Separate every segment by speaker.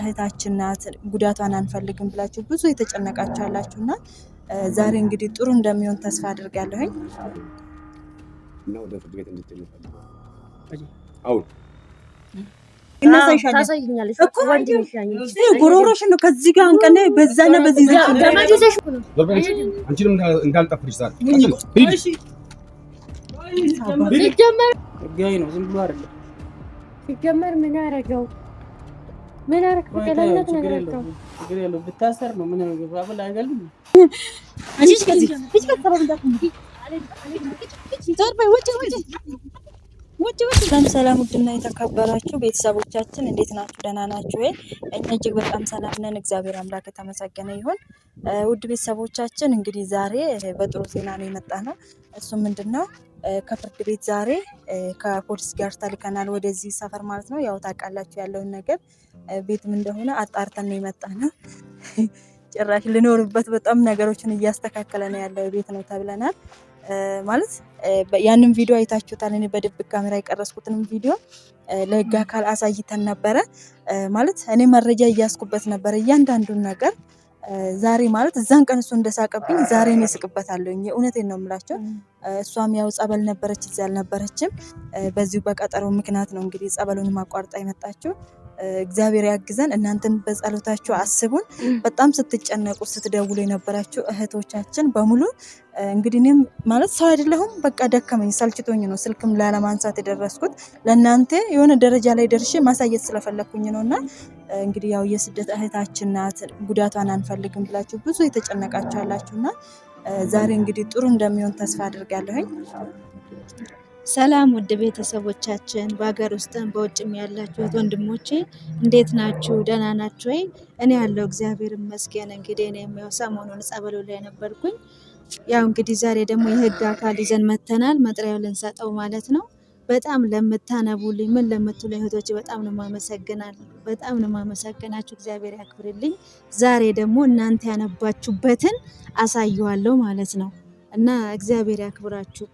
Speaker 1: እህታችን ናት፣ ጉዳቷን አንፈልግም ብላችሁ ብዙ የተጨነቃችሁ ያላችሁ እና ዛሬ እንግዲህ ጥሩ እንደሚሆን ተስፋ አድርጋለሁኝ።
Speaker 2: ጎሮሮሽ ነው ከዚህ ጋር አንቀን በዛና በዚህ
Speaker 3: እንዳልጠፍልሽ
Speaker 4: ነው። ዝም ብሎ አይደለም
Speaker 2: ሲጀመር ምን ያደረገው
Speaker 4: ሰላም
Speaker 1: ሰላም፣ ውድና የተከበራችሁ ቤተሰቦቻችን እንዴት ናችሁ? ደህና ናችሁ ወይ? እኛ እጅግ በጣም ሰላም ነን። እግዚአብሔር አምላክ የተመሰገነ ይሁን። ውድ ቤተሰቦቻችን እንግዲህ ዛሬ በጥሩ ዜና ነው የመጣ ነው። እሱ ምንድን ነው ከፍርድ ቤት ዛሬ ከፖሊስ ጋር ተልከናል ወደዚህ ሰፈር ማለት ነው። ያው ታውቃላችሁ ያለውን ነገር ቤትም እንደሆነ አጣርተን ነው የመጣ ነው። ጭራሽ ልኖርበት በጣም ነገሮችን እያስተካከለ ነው ያለው ቤት ነው ተብለናል። ማለት ያንን ቪዲዮ አይታችሁታል። እኔ በድብቅ ካሜራ የቀረስኩትንም ቪዲዮ ለህግ አካል አሳይተን ነበረ። ማለት እኔ መረጃ እያስኩበት ነበረ እያንዳንዱን ነገር ዛሬ ማለት እዛን ቀን እሱ እንደሳቀብኝ ዛሬ እኔ ስቅበታለሁ። እውነቴን ነው የምላቸው። እሷም ያው ጸበል ነበረች፣ እዚህ አልነበረችም። በዚሁ በቀጠሮ ምክንያት ነው እንግዲህ ጸበሉን አቋርጣ የመጣችው። እግዚአብሔር ያግዘን። እናንተም በጸሎታችሁ አስቡን። በጣም ስትጨነቁ ስትደውሉ የነበራችሁ እህቶቻችን በሙሉ እንግዲህ እኔም ማለት ሰው አይደለሁም። በቃ ደከመኝ ሰልችቶኝ ነው ስልክም ላለማንሳት የደረስኩት። ለእናንተ የሆነ ደረጃ ላይ ደርሼ ማሳየት ስለፈለግኩኝ ነው እና እንግዲህ ያው የስደት እህታችን ናት፣ ጉዳቷን አንፈልግም ብላችሁ ብዙ የተጨነቃችሁ አላችሁ እና ዛሬ እንግዲህ ጥሩ እንደሚሆን ተስፋ አድርጋለሁኝ። ሰላም ውድ ቤተሰቦቻችን በሀገር ውስጥም በውጭም ያላችሁት ወንድሞቼ እንዴት ናችሁ? ደህና ናችሁ ወይ? እኔ ያለው እግዚአብሔር ይመስገን። እንግዲህ እኔ የሚያው ሰሞኑን ጸበሉ ላይ ነበርኩኝ። ያው እንግዲህ ዛሬ ደግሞ የህግ አካል ይዘን መተናል፣ መጥሪያው ልንሰጠው ማለት ነው። በጣም ለምታነቡልኝ ምን ለምትሉ እህቶች በጣም ነው ማመሰግናለሁ። በጣም ነው ማመሰግናችሁ። እግዚአብሔር ያክብርልኝ። ዛሬ ደግሞ እናንተ ያነባችሁበትን አሳየዋለሁ ማለት ነው እና እግዚአብሔር ያክብራችሁ።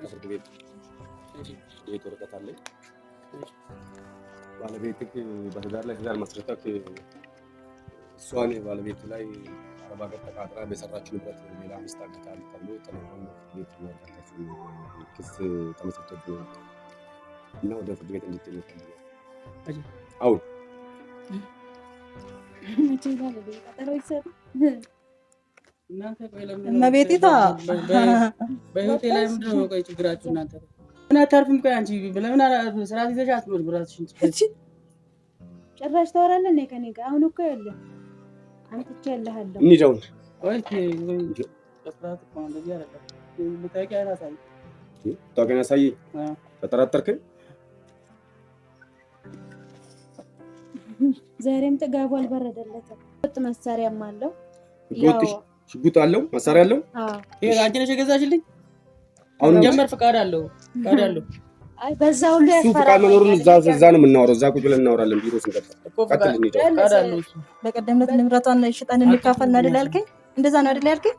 Speaker 4: ከፍርድ ቤት የቤት ወረቀት አለኝ። ባለቤት በትዳር ላይ ትዳር መስረተክ እሷን ባለቤት ላይ አረብ ሀገር ተቃጥራ በሰራችው ንብረት ሌላ አምስት አግታል ተብሎ ተለሆን ቤት ክስ ተመስርቶብኝ እና ወደ ፍርድ ቤት እንድትል
Speaker 2: አሁን እመቤቴታ
Speaker 5: በህይወቴ ላይ ምንድን ነው ቆይ ችግራችሁ እናንተ ምን አታርፍም ቆይ አንቺ ለምን ስርዓት ይዘሽ አትኖርም ራስሽን
Speaker 2: ጭራሽ ታወራለህ እኔ ከኔ ጋር አሁን እኮ ያለ አንቺ ያለሃለሁ
Speaker 4: እንሂዳውን ቆይ ስርዓት እኮ
Speaker 2: ዛሬም ጥጋቡ አልበረደለትም ወጥ መሳሪያም አለው
Speaker 4: ያው ሽጉጥ አለው፣ መሳሪያ አለው።
Speaker 5: ይሄ አንቺ ነሽ የገዛሽልኝ። አሁን ጀመር ፍቃድ አለው፣ ፍቃድ አለው።
Speaker 2: አይ በዛ ሁሉ
Speaker 4: ያፈራል። ፍቃድ መኖሩን እዛ እዛ ነው የምናወራው። እዛ ቁጭ ብለን እናወራለን። ቢሮ ስንገባ
Speaker 2: በቀደም ዕለት ንብረቷን ሽጠን እንካፈል ነው አይደል ያልከኝ? እንደዛ ነው አይደል ያልከኝ?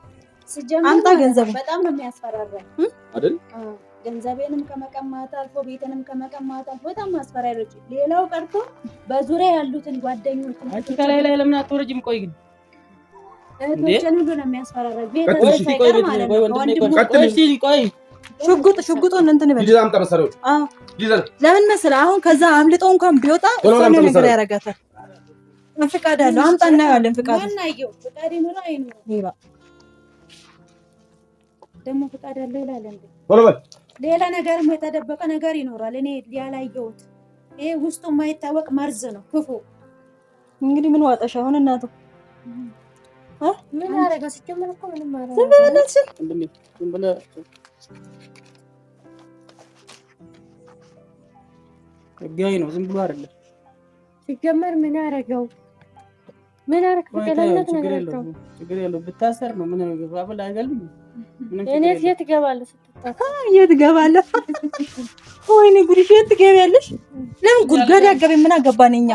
Speaker 2: አምጣ ገንዘብ።
Speaker 3: በጣም ነው የሚያስፈራራው አይደል? ገንዘቤንም ከመቀማት አልፎ ቤትንም ከመቀማት አልፎ በጣም አስፈራሪዎች። ሌላው ቀርቶ በዙሪያ ያሉትን ጓደኞች
Speaker 5: ከላይ ላይ ለምን አትወረጅም? ቆይ ግን
Speaker 3: እህቶችን ሁሉ
Speaker 2: ለምን መሰለህ አሁን ከዛ አምልጦ እንኳን ቢወጣ ነገር ያደርጋታል። ፍቃድ አለው አምጣ እናየዋለን።
Speaker 3: ደግሞ ፍቃድ አለው ይላል። ሌላ ነገር የተደበቀ ነገር ይኖራል። እኔ ያላየሁት ይሄ ውስጡ የማይታወቅ መርዝ ነው ክፉ።
Speaker 2: እንግዲህ ምን ዋጠሽ አሁን እናቱ ነው።
Speaker 3: ዝም ብሎ
Speaker 4: አይደለም
Speaker 2: ሲጀመር ምን ያደረገው ምን አርክ
Speaker 4: በገላነት ምን አበል አይገልም
Speaker 2: እኔ የት እገባለሁ ወይኔ ጉድሽ የት ትገቢያለሽ ለምን ጉድጓድ ያገቢ ምን አገባን እኛ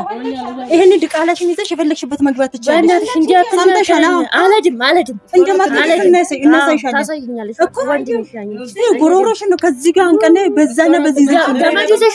Speaker 2: ይሄን ድቃላሽን ይዘሽ የፈለግሽበት መግባት ትችላለሽ ጉሮሮሽን ነው ከዚህ ጋር አንቀን በዛና በዚህ
Speaker 3: ይዘሽ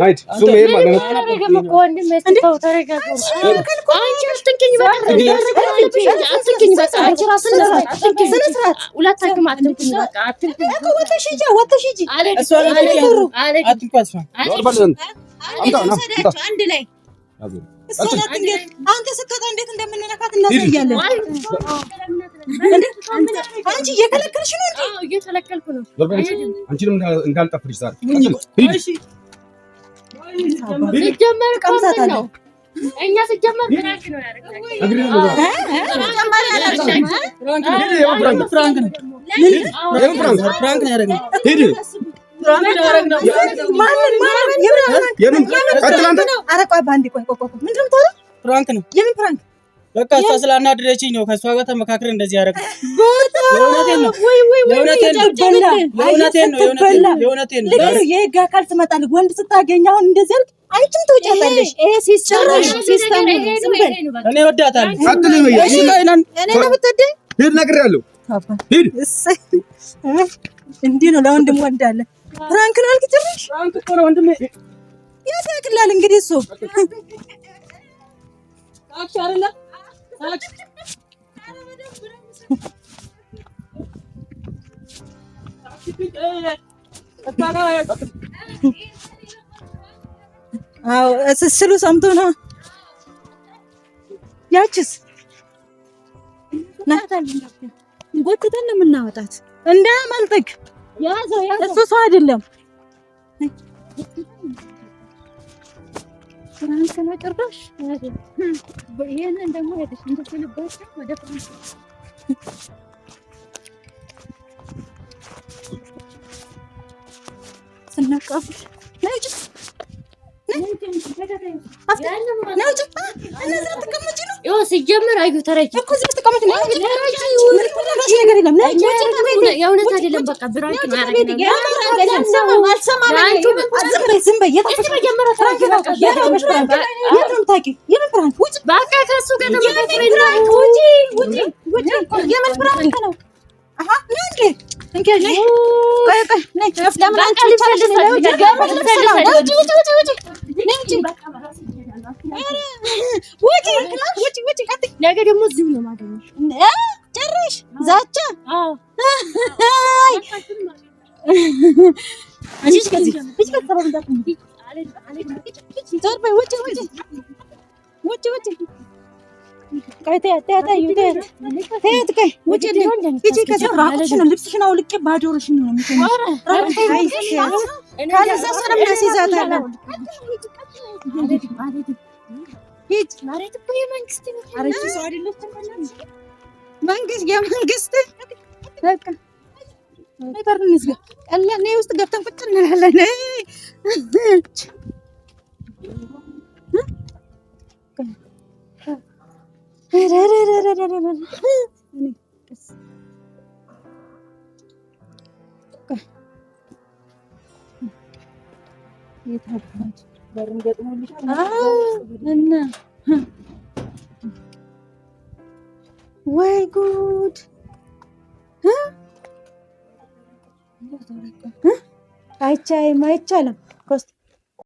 Speaker 4: ናይት ሱም ይሄ
Speaker 2: ማለት ነው። አንተ ስትወጣ እንዴት እንደምንነካት እናሳያለን። አንቺ እየከለከልሽ ነው። እየከለከልኩ
Speaker 4: ነው። አንቺንም እንዳልጠፍልሽ ዛሬ
Speaker 2: ሲጀመር ቀምሰት ነው።
Speaker 3: እኛ ሲጀመር ፍራንክ ነው
Speaker 4: ያደረግነው።
Speaker 5: በቃ እሷ ስላናደደችኝ ነው ከእሷ ጋር ተመካክረን እንደዚህ ያደረግ።
Speaker 2: የህግ አካል ትመጣለች። ወንድ ስታገኝ አሁን እንደዚህ አልክ፣ አንቺም ትውጫታለሽ። እንዲህ ነው ለወንድም ፍራንክ ነው አልክ። ጭራሽ እንግዲህ እሱ ስስሉ ሰምቶ ነው። ያችስ ጎትተን ነው የምናወጣት እንዳያመልጥክ። እሱ ሰው አይደለም። ፍራንስን ጭራሽ ይህንን ደግሞ ሄደሽ እንድትልባቸው ወደ ፍራንስ ስናቃፍሽ
Speaker 3: ሲጀመር አዩ ተረጂ
Speaker 2: እኮ እዚህ ተቀመጥ ነገር የለም
Speaker 3: የእውነት አይደለም። በቃ ብራቂ ነው ነገ ደግሞ እዚሁ ነው የማገኘሽ።
Speaker 2: ጭራሽ ዛቻ ውጭ ውጭ ቆይ ተያት ተያት ተያት ተያት ቆይ ውጪልኝ ሂጂ ከዚያ ራቁትሽን ልብስሽን አውልቄ ባዶርሽን ነው ካለዛ ስለምን አስይዛታለሁ ሂጂ መንግስት የመንግስት በቃ በርን እንዝጋ ቀላል ነው ውስጥ ገብተን ቁጭ እንላለን እ ወይ ጉድ! አይቻይም አይቻልም።